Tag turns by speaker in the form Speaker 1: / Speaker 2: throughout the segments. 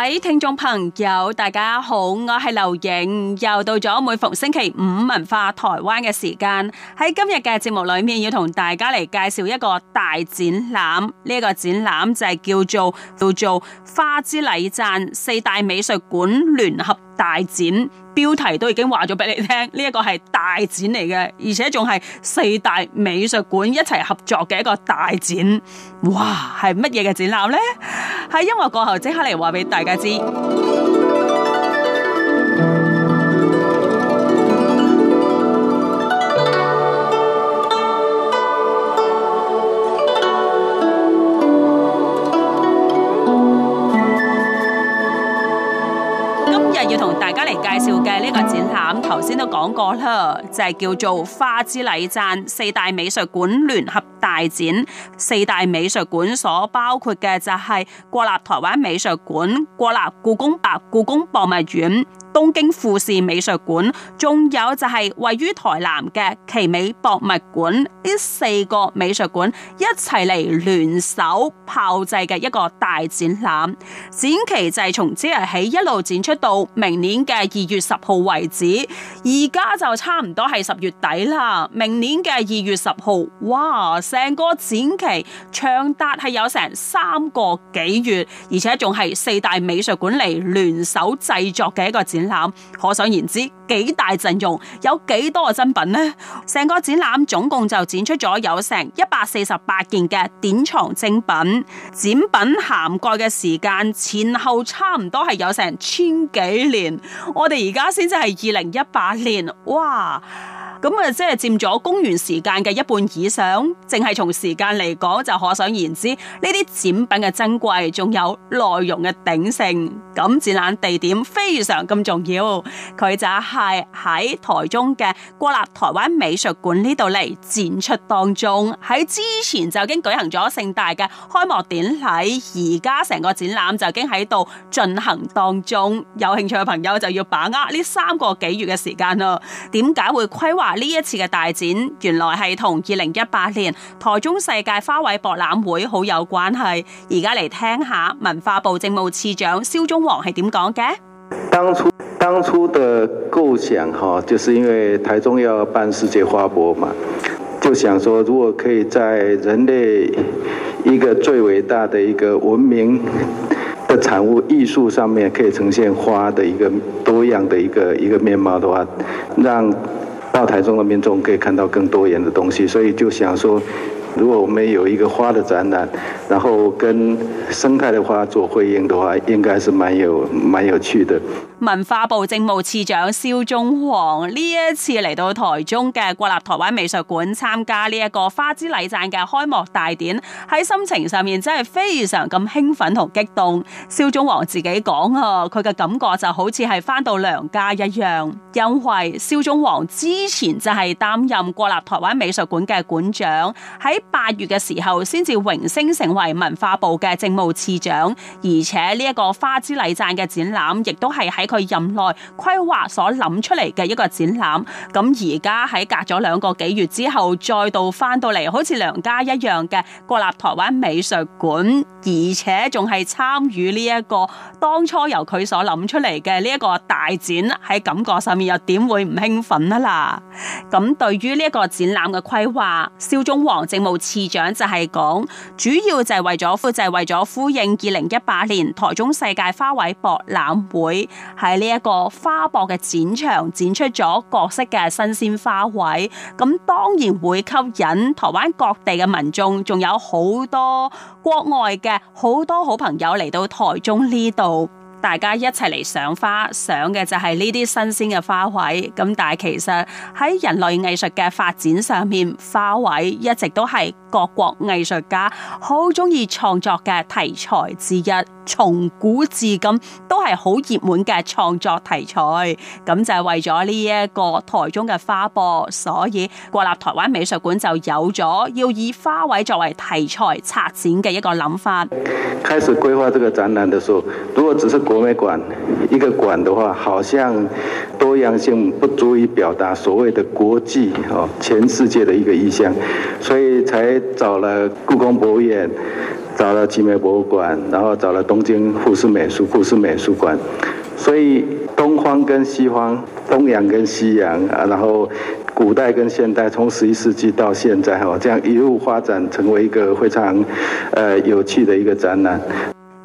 Speaker 1: 各位聽眾朋友，大家好，我係劉穎，又到咗每逢星期五文化台灣嘅時間。喺今日嘅節目裏面，要同大家嚟介紹一個大展覽，呢、這個展覽就係叫做叫做花之禮讚，四大美術館聯合。大展標題都已經話咗俾你聽，呢一個係大展嚟嘅，而且仲係四大美術館一齊合作嘅一個大展。哇，係乜嘢嘅展覽呢？喺音樂過後即刻嚟話俾大家知。要同大家嚟介紹嘅呢個展覽，頭先都講過啦，就係叫做“花之禮讚”四大美術館聯合大展，四大美術館所包括嘅就係國立台灣美術館、國立故宮博故宮博物院、東京富士美術館，仲有就係位於台南嘅奇美博物館，呢四個美術館一齊嚟聯手炮製嘅一個大展覽，展期就係從即日起一路展出到明年嘅二月十號為止。而家就差唔多係十月底啦，明年嘅二月十號，哇！成個展期長達係有成三個幾月，而且仲係四大美術館嚟聯手製作嘅一個展覽。可想而知，幾大陣容，有幾多個珍品呢？成個展覽總共就展出咗有成一百四十八件嘅典藏精品。展品涵蓋嘅時間前後差唔多係有成千幾年。我哋而家先至係二零一八年，哇！咁啊，即係佔咗公元時間嘅一半以上，淨係從時間嚟講就可想而知呢啲展品嘅珍貴，仲有內容嘅鼎盛。咁展覽地點非常咁重要，佢就係喺台中嘅國立台灣美術館呢度嚟展出當中。喺之前就已經舉行咗盛大嘅開幕典禮，而家成個展覽就已經喺度進行當中。有興趣嘅朋友就要把握呢三個幾月嘅時間啦。點解會規劃？呢一次嘅大展，原來係同二零一八年台中世界花卉博覽會好有關係。而家嚟聽下文化部政務次長蕭宗煌係點講嘅？
Speaker 2: 當初當初的構想，哈，就是因為台中要辦世界花博嘛，就想說如果可以在人類一個最偉大的一個文明的產物藝術上面，可以呈現花的一個多樣的一個一個面貌的話，讓到台中的民眾可以看到更多元的東西，所以就想說，如果我們有一個花的展覽，然後跟生態的花做回應的話，應該是蠻有蠻有趣的。
Speaker 1: 文化部政務次長蕭宗煌呢一次嚟到台中嘅國立台灣美術館參加呢一個花之禮讚嘅開幕大典，喺心情上面真係非常咁興奮同激動。蕭宗煌自己講啊，佢嘅感覺就好似係返到娘家一樣，因為蕭宗煌之前就係擔任國立台灣美術館嘅館長喺八月嘅時候，先至榮升成為文化部嘅政務次長，而且呢一個花之禮讚嘅展覽，亦都係喺佢任內規劃所諗出嚟嘅一個展覽。咁而家喺隔咗兩個幾月之後，再度返到嚟，好似娘家一樣嘅國立台灣美術館，而且仲係參與呢一個當初由佢所諗出嚟嘅呢一個大展，喺感覺上面又點會唔興奮啊啦？咁對於呢一個展覽嘅規劃，蕭宗煌政務。次長就係講，主要就係為咗，就係為咗呼應二零一八年台中世界花卉博覽會。喺呢一個花博嘅展場展出咗各式嘅新鮮花卉，咁當然會吸引台灣各地嘅民眾，仲有好多國外嘅好多好朋友嚟到台中呢度。大家一齊嚟賞花，賞嘅就係呢啲新鮮嘅花卉。咁但係其實喺人類藝術嘅發展上面，花卉一直都係。各國藝術家好中意創作嘅題材之一，從古至今都係好熱門嘅創作題材。咁就係為咗呢一個台中嘅花博，所以國立台灣美術館就有咗要以花卉作為題材策展嘅一個諗法。
Speaker 2: 開始規劃這個展覽的時候，如果只是國美館一個館的話，好像多樣性不足以表達所謂的國際全世界嘅一個意象，所以才，找了故宮博物院，找了奇美博物館，然後找了東京富士美術，富士美術館，所以東方跟西方，東洋跟西洋啊，然後古代跟現代，從十一世紀到現在，這樣一路發展成為一個非常呃有趣的一個展覽。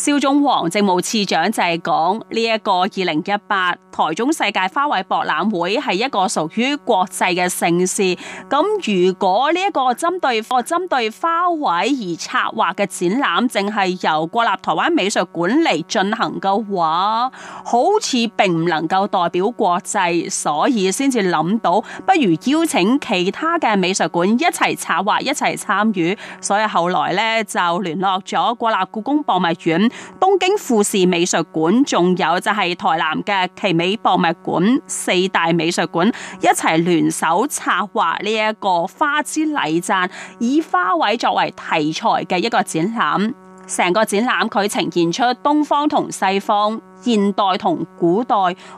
Speaker 1: 肖蕭宗煌政務次長就係講，呢一個二零一八台中世界花卉博覽會係一個屬於國際嘅盛事，咁如果呢一個針對個針對花卉而策劃嘅展覽，淨係由國立台灣美術館嚟進行嘅話，好似並唔能夠代表國際，所以先至諗到不如邀請其他嘅美術館一齊策劃、一齊參與，所以後來咧就聯絡咗國立故宮博物院。東京富士美術館，仲有就係台南嘅奇美博物館，四大美術館一齊聯手策劃呢一個花之禮讚，以花卉作為題材嘅一個展覽。成個展覽佢呈現出東方同西方、現代同古代，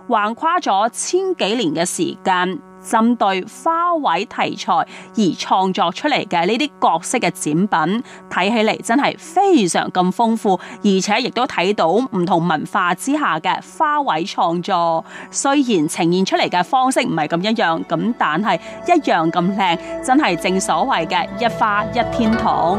Speaker 1: 橫跨咗千幾年嘅時間。針對花卉題材而創作出嚟嘅呢啲角色嘅展品，睇起嚟真係非常咁豐富，而且亦都睇到唔同文化之下嘅花卉創作。雖然呈現出嚟嘅方式唔係咁一樣，咁但係一樣咁靚，真係正所謂嘅一花一天堂。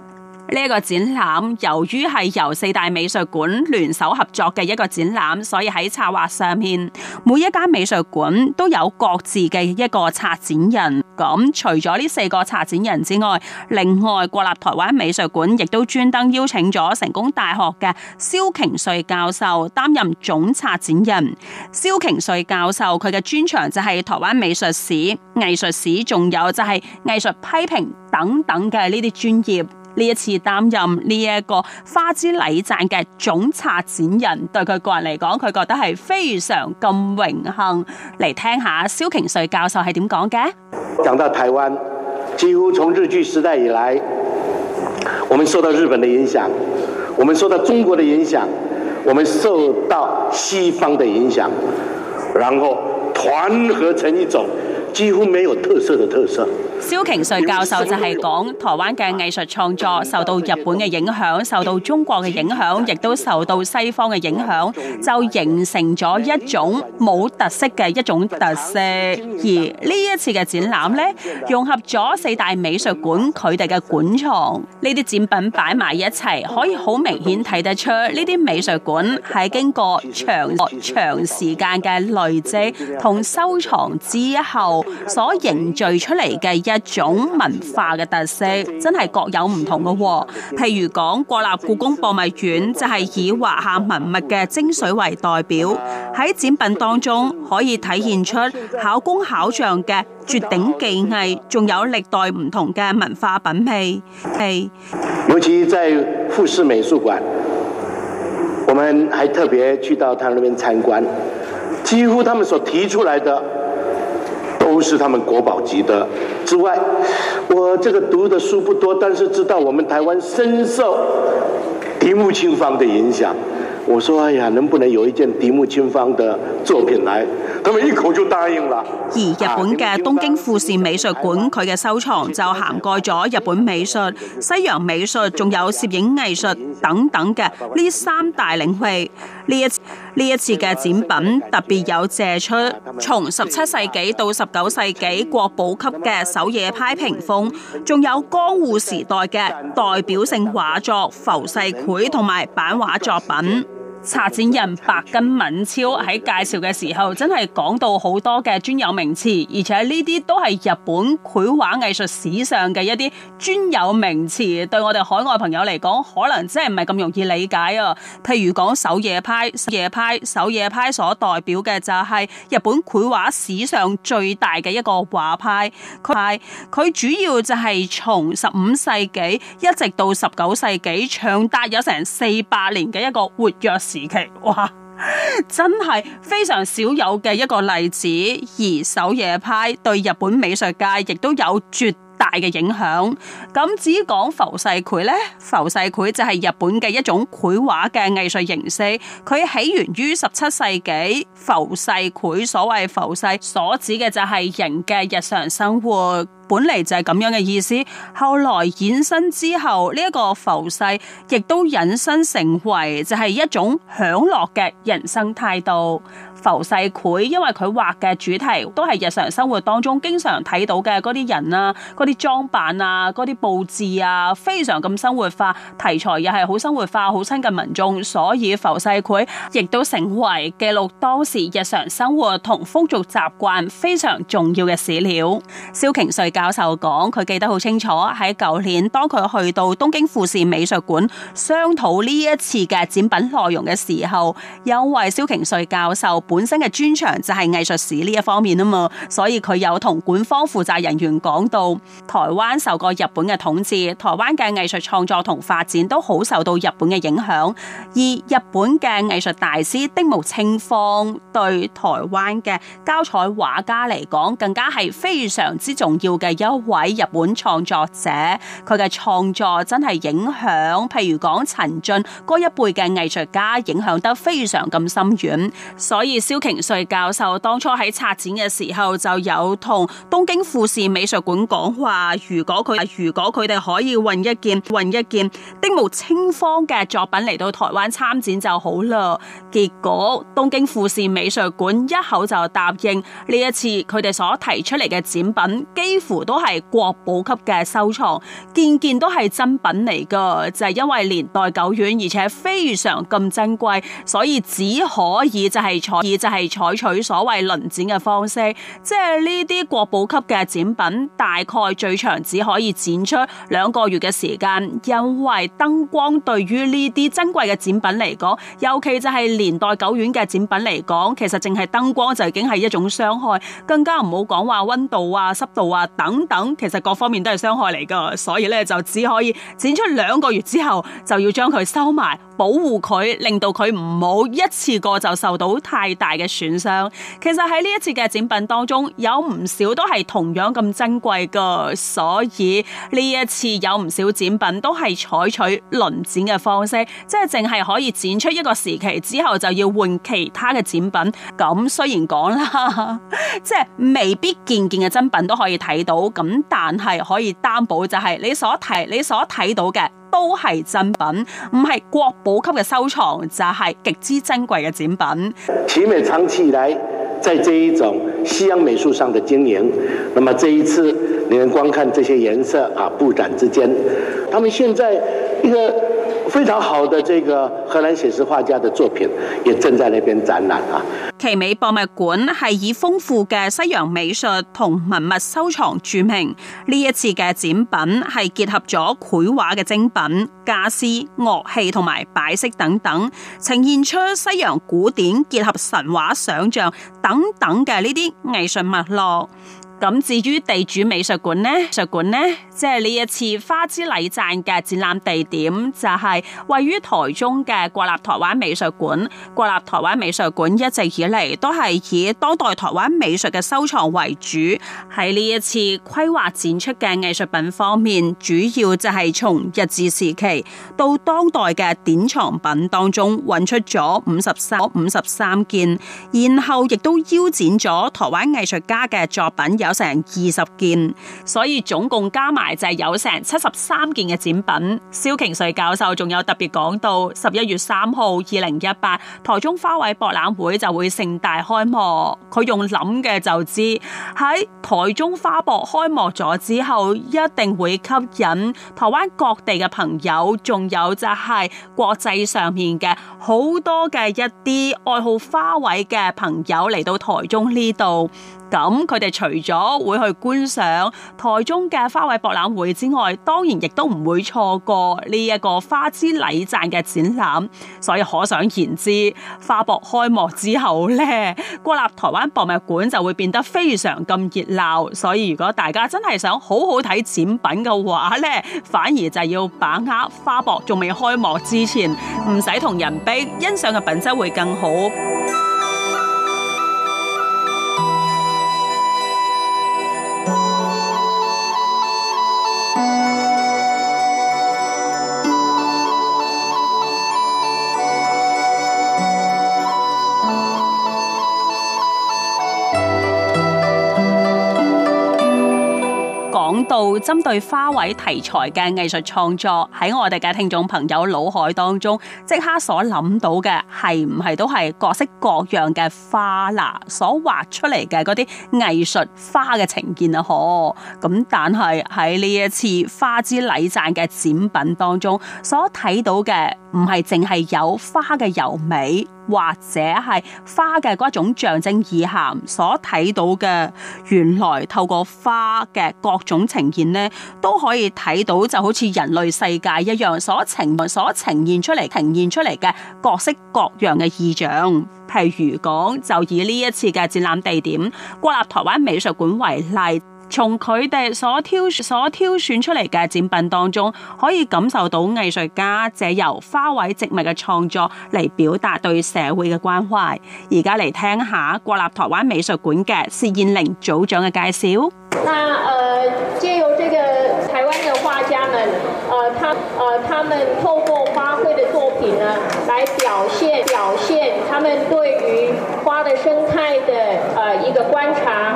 Speaker 1: 呢、這個展覽由於係由四大美術館聯手合作嘅一個展覽，所以喺策劃上面，每一間美術館都有各自嘅一個策展人。咁除咗呢四個策展人之外，另外國立台灣美術館亦都專登邀請咗成功大學嘅蕭瓊瑞教授擔任總策展人。蕭瓊瑞教授佢嘅專長就係台灣美術史、藝術史，仲有就係藝術批評等等嘅呢啲專業。呢一次擔任呢一個花之禮讚嘅總策展人，對佢個人嚟講，佢覺得係非常咁榮幸。嚟聽下蕭瓊瑞教授係點講嘅。
Speaker 3: 講到台灣，幾乎從日據時代以來，我們受到日本的影響，我們受到中國的影響，我們受到西方的影響，然後團合成一種。幾乎沒有特色的特
Speaker 1: 色。蕭瓊瑞教授就係講台灣嘅藝術創作受到日本嘅影響，受到中國嘅影響，亦都受到西方嘅影響，就形成咗一種冇特色嘅一種特色。而呢一次嘅展覽咧，融合咗四大美術館佢哋嘅館藏，呢啲展品擺埋一齊，可以好明顯睇得出呢啲美術館係經過長長時間嘅累積同收藏之後。所凝聚出嚟嘅一種文化嘅特色，真係各有唔同嘅。譬如講國立故宮博物院，就係、是、以華夏文物嘅精髓為代表，喺展品當中可以體現出巧工巧匠嘅絕頂技藝，仲有歷代唔同嘅文化品味。係，
Speaker 3: 尤其在富士美術館，我們還特別去到他那邊參觀，幾乎他們所提出來的。都是他們國寶級的之外，我這個讀的書不多，但是知道我們台灣深受迪木清方的影響。我說哎呀，能不能有一件迪木清方的作品來？他們一口就答應了。
Speaker 1: 而日本嘅東京富士美術館，佢嘅收藏就涵蓋咗日本美術、西洋美術，仲有攝影藝術等等嘅呢三大領域。呢一次……呢一次嘅展品特別有借出，從十七世紀到十九世紀國寶級嘅狩野派屏風，仲有江戶時代嘅代表性畫作浮世繪同埋版畫作品。策展人白金敏超喺介紹嘅時候，真係講到好多嘅專有名詞，而且呢啲都係日本繪畫藝術史上嘅一啲專有名詞，對我哋海外朋友嚟講，可能真係唔係咁容易理解啊。譬如講狩野派、狩野派、狩野派所代表嘅就係日本繪畫史上最大嘅一個畫派，佢係佢主要就係從十五世紀一直到十九世紀，長達有成四百年嘅一個活躍。時期哇，真係非常少有嘅一個例子。而守夜派對日本美術界亦都有絕大嘅影響。咁至於講浮世繪呢，浮世繪就係日本嘅一種繪畫嘅藝術形式。佢起源於十七世紀，浮世繪所謂浮世所指嘅就係人嘅日常生活。本嚟就係咁樣嘅意思，後來衍生之後，呢一個浮世亦都引申成為就係一種享樂嘅人生態度。浮世繪，因為佢畫嘅主題都係日常生活當中經常睇到嘅嗰啲人啊、嗰啲裝扮啊、嗰啲佈置啊，非常咁生活化，題材又係好生活化、好親近民眾，所以浮世繪亦都成為記錄當時日常生活同風俗習慣非常重要嘅史料。蕭瓊瑞教授講，佢記得好清楚，喺舊年當佢去到東京富士美術館商討呢一次嘅展品內容嘅時候，有位蕭瓊瑞教授。本身嘅專長就係藝術史呢一方面啊嘛，所以佢有同館方負責人員講到，台灣受過日本嘅統治，台灣嘅藝術創作同發展都好受到日本嘅影響，而日本嘅藝術大師鏑木清方對台灣嘅膠彩畫家嚟講更加係非常之重要嘅一位日本創作者。佢嘅創作真係影響譬如講陳進嗰一輩嘅藝術家，影響得非常咁深遠，所以蕭瓊瑞教授當初喺策展嘅時候，就有同東京富士美術館講話，如果佢如果佢哋可以運一件運一件丁木清芳嘅作品嚟到台灣參展就好啦。結果東京富士美術館一口就答應，呢一次佢哋所提出嚟嘅展品幾乎都係國寶級嘅收藏，件件都係珍品嚟噶，就係、是、因為年代久遠，而且非常咁珍貴，所以只可以就係採。就係、是、採取所謂輪展嘅方式，即係呢啲國寶級嘅展品，大概最長只可以展出兩個月嘅時間，因為燈光對於呢啲珍貴嘅展品嚟講，尤其就係年代久遠嘅展品嚟講，其實淨係燈光就已經係一種傷害，更加唔好講話溫度啊、濕度啊等等，其實各方面都係傷害嚟㗎，所以咧就只可以展出兩個月之後，就要將佢收埋。保護佢，令到佢唔好一次過就受到太大嘅損傷。其實喺呢一次嘅展品當中，有唔少都係同樣咁珍貴噶，所以呢一次有唔少展品都係採取輪展嘅方式，即係淨係可以展出一個時期之後就要換其他嘅展品。咁雖然講啦，即係未必件件嘅珍品都可以睇到，咁但係可以擔保就係你所提你所睇到嘅。都係珍品，唔係國寶級嘅收藏就係極之珍貴嘅展品。
Speaker 3: 奇美長期以來在這一種西洋美術上的經營。那麼這一次，你們光看這些顏色啊，布展之間，他們現在一、這個。非常好的，這個荷蘭寫實畫家的作品也正在那邊展覽
Speaker 1: 啊。奇美博物館係以豐富嘅西洋美術同文物收藏著名。呢一次嘅展品係結合咗繪畫嘅精品、家私、樂器同埋擺飾等等，呈現出西洋古典結合神話想象等等嘅呢啲藝術脈絡。咁至於地主美術館咧，美術館咧，即係呢一次花之禮讚嘅展覽地點就係位於台中嘅國立台灣美術館。國立台灣美術館一直以嚟都係以當代台灣美術嘅收藏為主，喺呢一次規劃展出嘅藝術品方面，主要就係從日治時期到當代嘅典藏品當中揾出咗五十三五十三件，然後亦都邀展咗台灣藝術家嘅作品有成二十件，所以總共加埋就係有成七十三件嘅展品。蕭瓊瑞教授仲有特別講到，十一月三號二零一八台中花卉博覽會就會盛大開幕。佢用諗嘅就知，喺台中花博開幕咗之後，一定會吸引台灣各地嘅朋友，仲有就係國際上面嘅好多嘅一啲愛好花卉嘅朋友嚟到台中呢度。咁佢哋除咗會去觀賞台中嘅花卉博覽會之外，當然亦都唔會錯過呢一個花之禮讚嘅展覽。所以可想而知，花博開幕之後呢，國立台灣博物館就會變得非常咁熱鬧。所以如果大家真係想好好睇展品嘅話呢，反而就要把握花博仲未開幕之前，唔使同人逼，欣賞嘅品質會更好。針對花卉題材嘅藝術創作，喺我哋嘅聽眾朋友腦海當中，即刻所諗到嘅係唔係都係各式各樣嘅花啦？所畫出嚟嘅嗰啲藝術花嘅呈現啊，嗬、哦！咁但係喺呢一次花之禮讚嘅展品當中所睇到嘅，唔係淨係有花嘅柔美。或者係花嘅嗰種象徵意涵，所睇到嘅原來透過花嘅各種呈現呢，都可以睇到就好似人類世界一樣，所呈所呈現出嚟呈現出嚟嘅各式各樣嘅意象。譬如講，就以呢一次嘅展覽地點國立台灣美術館為例。從佢哋所挑所挑選出嚟嘅展品當中，可以感受到藝術家借由花卉植物嘅創作嚟表達對社會嘅關懷。而家嚟聽下國立台灣美術館嘅薛燕玲組長嘅介紹。那、呃、借由這個台灣嘅畫家們，誒、他、呃，他們透過花卉嘅作品呢，來表現表現他們對於花的生態嘅、呃、一個觀察。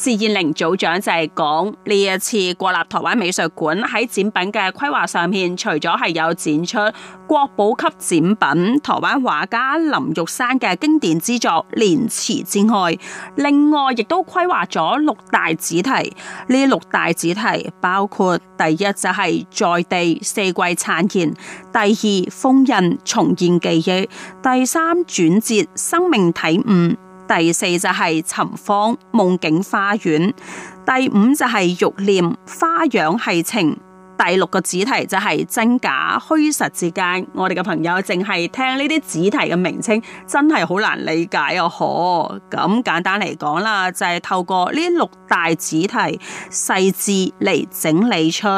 Speaker 1: 薛燕玲組長就係講呢一次國立台灣美術館喺展品嘅規劃上面，除咗係有展出國寶級展品台灣畫家林玉山嘅經典之作《蓮池》之外，另外亦都規劃咗六大主題。呢六大主題包括第一就係在地四季呈現，第二封印重現記憶，第三轉折生命體悟。第四就係尋芳夢境花園，第五就係欲念花樣戲情，第六個主題就係真假虛實之間。我哋嘅朋友淨係聽呢啲主題嘅名稱，真係好難理解哦，可咁簡單嚟講啦，就係透過呢六大主題細緻嚟整理出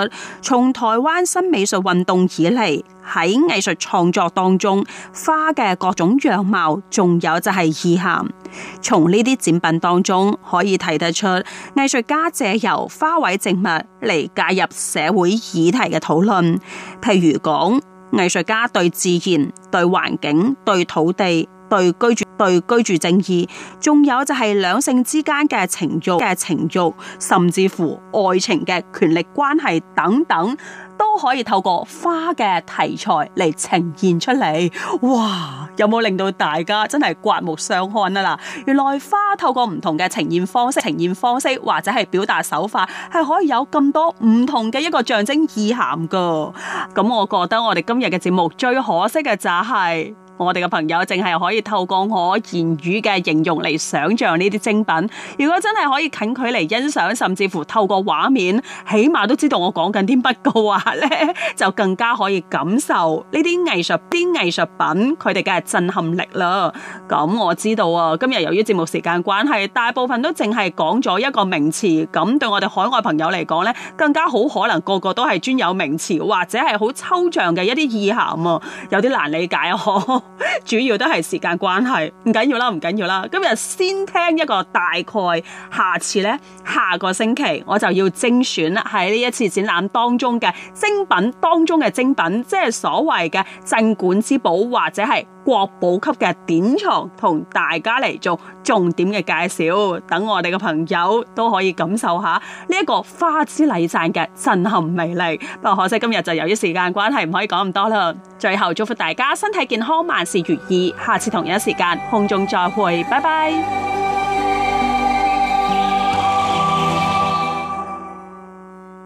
Speaker 1: 從台灣新美術運動以嚟喺藝術創作當中，花嘅各種樣貌，仲有就係意涵。從呢啲展品當中，可以睇得出藝術家借由花卉植物嚟介入社會議題嘅討論。譬如講，藝術家對自然、對環境、對土地、對居住、對居住正義，仲有就係兩性之間嘅情欲嘅情欲，甚至乎愛情嘅權力關係等等。都可以透過花嘅題材嚟呈現出嚟，哇！有冇令到大家真係刮目相看啊嗱？原來花透過唔同嘅呈現方式，呈現方式或者係表達手法，係可以有咁多唔同嘅一個象徵意涵噶。咁我覺得我哋今日嘅節目最可惜嘅就係、是。我哋嘅朋友淨係可以透過我言語嘅形容嚟想象呢啲精品。如果真係可以近距離欣賞，甚至乎透過畫面，起碼都知道我講緊啲乜嘅話呢，就更加可以感受呢啲藝術、啲藝術品佢哋嘅震撼力啦。咁我知道啊，今日由於節目時間關係，大部分都淨係講咗一個名詞。咁對我哋海外朋友嚟講呢，更加好可能個個都係專有名詞，或者係好抽象嘅一啲意涵啊，有啲難理解哦。呵呵 主要都係時間關係，唔緊要啦，唔緊要啦。今日先聽一個大概，下次呢，下個星期我就要精選啦，喺呢一次展覽當中嘅精品當中嘅精品，即係所謂嘅鎮館之寶或者係。國寶級嘅典藏，同大家嚟做重點嘅介紹，等我哋嘅朋友都可以感受下呢一個花之禮讚嘅震撼魅力。不過可惜今日就由於時間關係，唔可以講咁多啦。最後祝福大家身體健康，萬事如意。下次同一時間空中再會，拜拜。